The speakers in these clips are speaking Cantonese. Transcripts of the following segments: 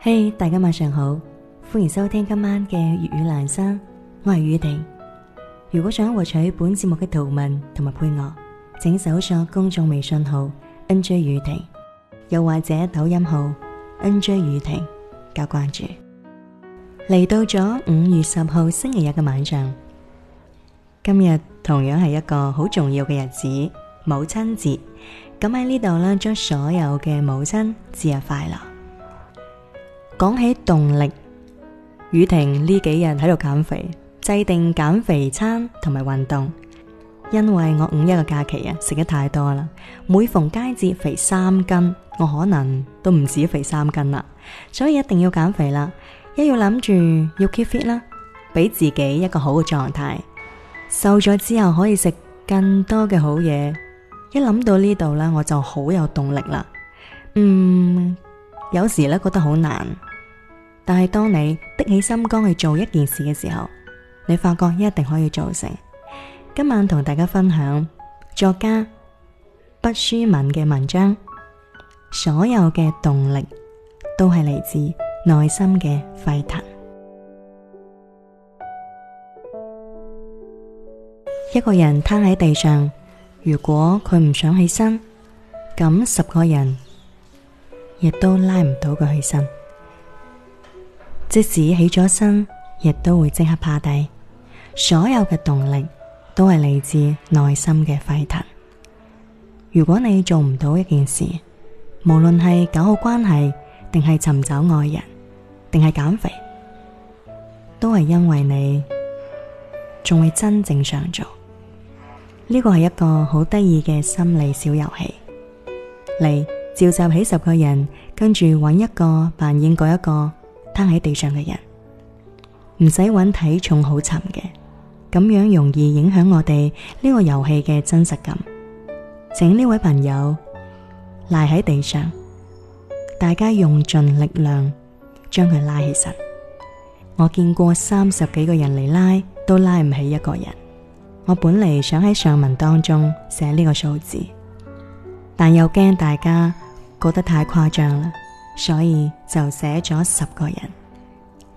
嘿，hey, 大家晚上好，歡迎收聽今晚嘅粵語闌珊，我係宇婷。如果想獲取本節目嘅圖文同埋配樂，請搜索公眾微信號 NJ 宇婷，又或者抖音號 NJ 宇婷，加關注。嚟到咗五月十號星期日嘅晚上，今日同樣係一個好重要嘅日子——母親節。咁喺呢度啦，祝所有嘅母親節日快樂！講起動力，宇婷呢幾日喺度減肥，制定減肥餐同埋運動。因為我五一嘅假期啊，食得太多啦，每逢佳節肥三斤，我可能都唔止肥三斤啦，所以一定要減肥啦，一要諗住要 keep fit 啦，俾自己一個好嘅狀態。瘦咗之後可以食更多嘅好嘢，一諗到呢度咧，我就好有動力啦。嗯，有時咧覺得好難。但係當你的起心肝去做一件事嘅時候，你發覺一定可以做成。今晚同大家分享作家畢淑敏嘅文章，所有嘅動力都係嚟自內心嘅沸騰。一個人攤喺地上，如果佢唔想起身，咁十個人亦都拉唔到佢起身。即使起咗身，亦都會即刻趴低。所有嘅動力都係嚟自內心嘅沸騰。如果你做唔到一件事，無論係搞好關係，定係尋找愛人，定係減肥，都係因為你仲未真正想做。呢個係一個好得意嘅心理小遊戲，嚟召集起十個人，跟住揾一個扮演嗰一個。趴喺地上嘅人，唔使揾體重好沉嘅，咁樣容易影響我哋呢個遊戲嘅真實感。請呢位朋友賴喺地上，大家用盡力量將佢拉起身。我見過三十幾個人嚟拉，都拉唔起一個人。我本嚟想喺上文當中寫呢個數字，但又驚大家覺得太誇張啦。所以就寫咗十個人，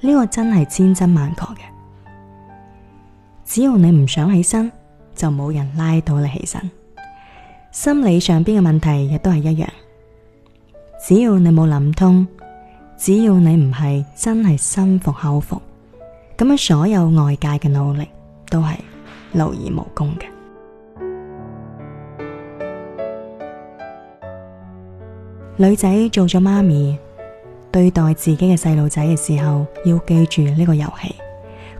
呢個真係千真萬確嘅。只要你唔想起身，就冇人拉到你起身。心理上邊嘅問題亦都係一樣。只要你冇諗通，只要你唔係真係心服口服，咁樣所有外界嘅努力都係勞而無功嘅。女仔做咗媽咪，對待自己嘅細路仔嘅時候，要記住呢個遊戲。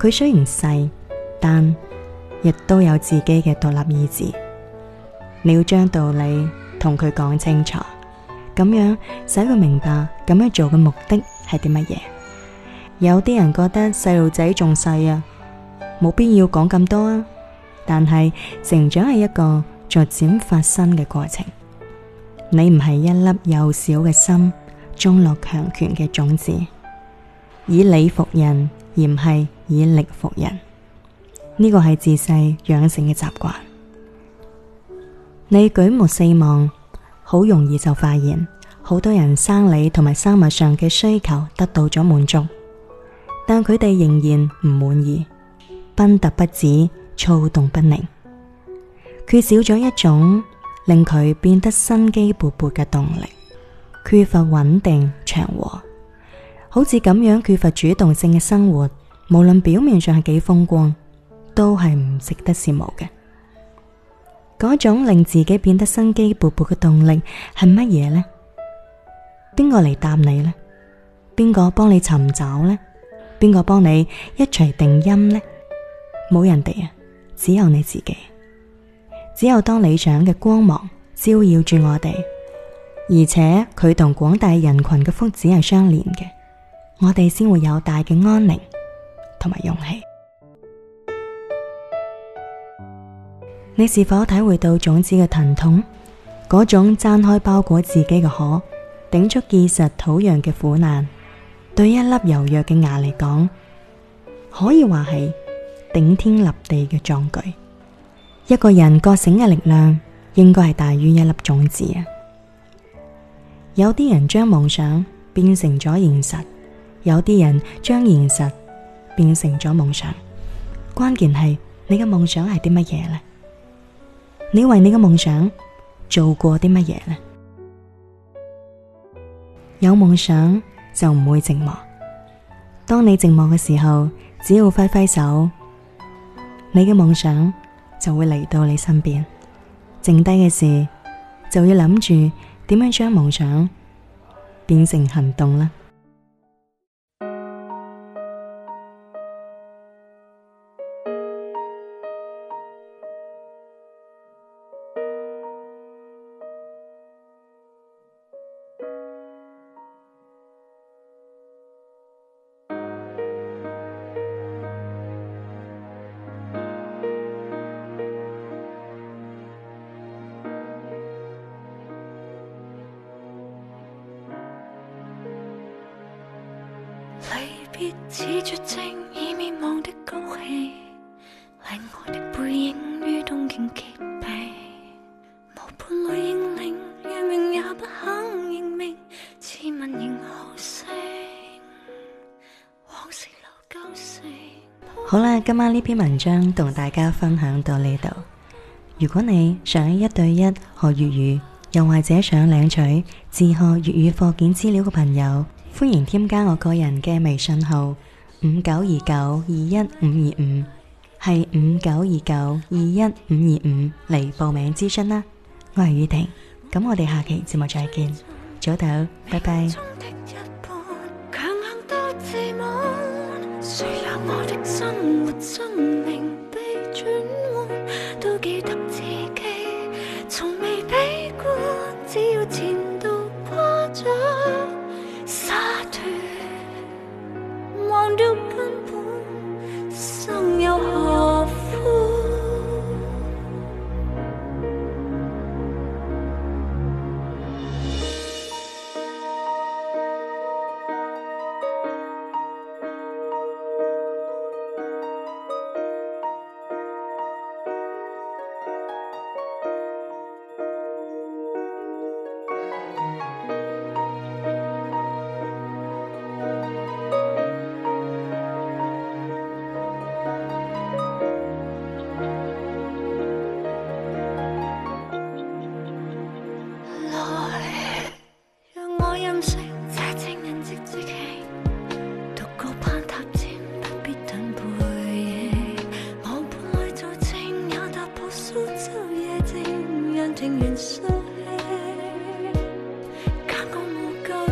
佢雖然細，但亦都有自己嘅獨立意志。你要將道理同佢講清楚，咁樣使佢明白咁樣做嘅目的係啲乜嘢。有啲人覺得細路仔仲細啊，冇必要講咁多啊。但係成長係一個逐漸發生嘅過程。你唔係一粒幼小嘅心，中落強權嘅種子，以理服人，而唔係以力服人。呢個係自細養成嘅習慣。你舉目四望，好容易就發現，好多人生理同埋生物上嘅需求得到咗滿足，但佢哋仍然唔滿意，奔突不止，躁動不寧，缺少咗一種。令佢變得生機勃勃嘅動力，缺乏穩定、祥和，好似咁樣缺乏主動性嘅生活，無論表面上係幾風光，都係唔值得羨慕嘅。嗰種令自己變得生機勃勃嘅動力係乜嘢呢？邊個嚟答你呢？邊個幫你尋找呢？邊個幫你一錘定音呢？冇人哋啊，只有你自己。只有當理想嘅光芒照耀住我哋，而且佢同廣大人群嘅福祉係相連嘅，我哋先會有大嘅安寧同埋勇氣。 你是否體會到種子嘅疼痛？嗰種掙開包裹自己嘅殼，頂出結實土壤嘅苦難，對一粒柔弱嘅牙嚟講，可以話係頂天立地嘅壯舉。一個人覺醒嘅力量應該係大於一粒種子啊！有啲人將夢想變成咗現實，有啲人將現實變成咗夢想。關鍵係你嘅夢想係啲乜嘢呢？你為你嘅夢想做過啲乜嘢呢？有夢想就唔會寂寞。當你寂寞嘅時候，只要揮揮手，你嘅夢想，就會嚟到你身邊，剩低嘅事就要諗住點樣將夢想變成行動啦。的的高氣令我的背影伴命命，應也不肯似往事好啦，今晚呢篇文章同大家分享到呢度。如果你想一對一學粵語，又或者想領取自學粵語課件資料嘅朋友，歡迎添加我個人嘅微信號五九二九二一五二五，係五九二九二一五二五嚟報名諮詢啦。我係宇婷，咁我哋下期節目再見，早唞，拜拜。